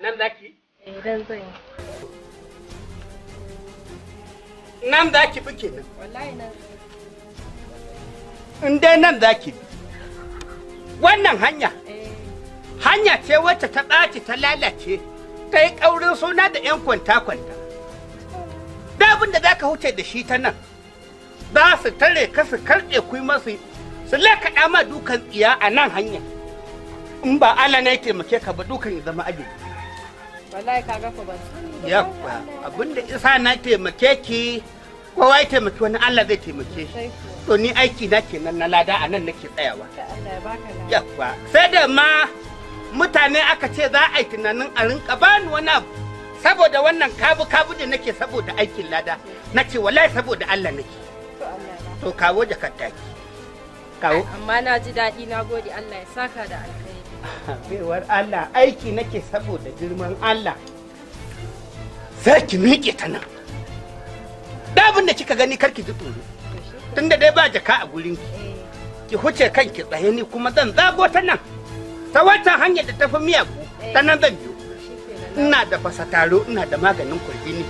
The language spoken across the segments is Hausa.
Nan zaki? Eh, nan nan. Wannan hanya. Eh. Hanya ce wacce ta ɗaci ta lalace ta yi ƙaurin suna da 'yan kwanta-kwanta. Dabin da za ka huce da shi ta nan, za su tare ka su karɗe kuyi masu su ka ma dukan tsiya a nan hanya in ba ala na ya taimake ka ba dukan ya zama aji wallahi ka gafa ba yabba abinda isa na taimake ki kowa ya taimaki wani allah zai taimake shi to ni aiki na kenan na lada a nan nake tsayawa yabba sai da ma mutane aka ce za a yi tunanin a rinka bani wani abu saboda wannan kabu kabu da nake saboda aikin lada na ce wallahi saboda allah nake to kawo jakar taki kawo amma na ji daɗi na gode Allah ya saka da alkhairi baiwar Allah aiki nake saboda girman Allah sai ki miƙe ta nan dabin da kika gani karki ji tsoro tunda dai ba jaka a gurin ki ki huce kanki tsaye ni kuma zan zago ta nan ta wata hanyar da ta fi miyagu ta nan zan biyo ina da taro ina da maganin kurjini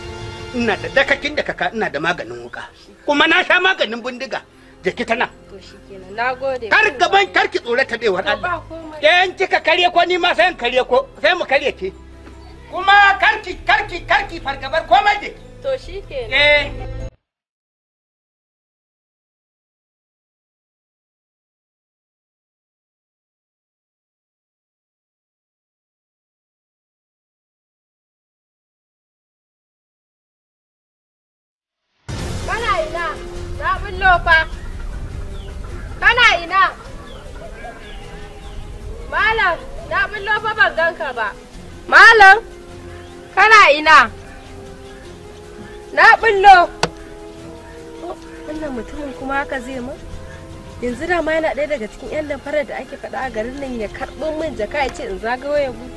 ina da dakakin da kaka ina da maganin wuka kuma na sha maganin bindiga je kita tana kar gaban kar ki tsorata dai wannan dan kika karye ko ni ma sai karye ko sai mu karye ki kuma karki karki karki fargabar komai da ki to shikenan eh Kana ina, Kana ina? Malam, na bullo fa ban ganka ba. Malam, kana ina? Na bullo. Wannan mutumin kuma haka zai ma Yanzu da ma yana ɗaya daga cikin 'yan lafarar da ake faɗa a garin nan ya karɓo min jaka ya ce in zaga waya bu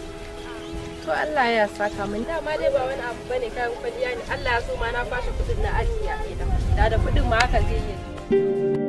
to Allah ya saka min dama dai ba wani abu bane kayan kwalliya ne Allah ya so ma na fashi kudin na aliyya kenan da da kudin ma haka zai yi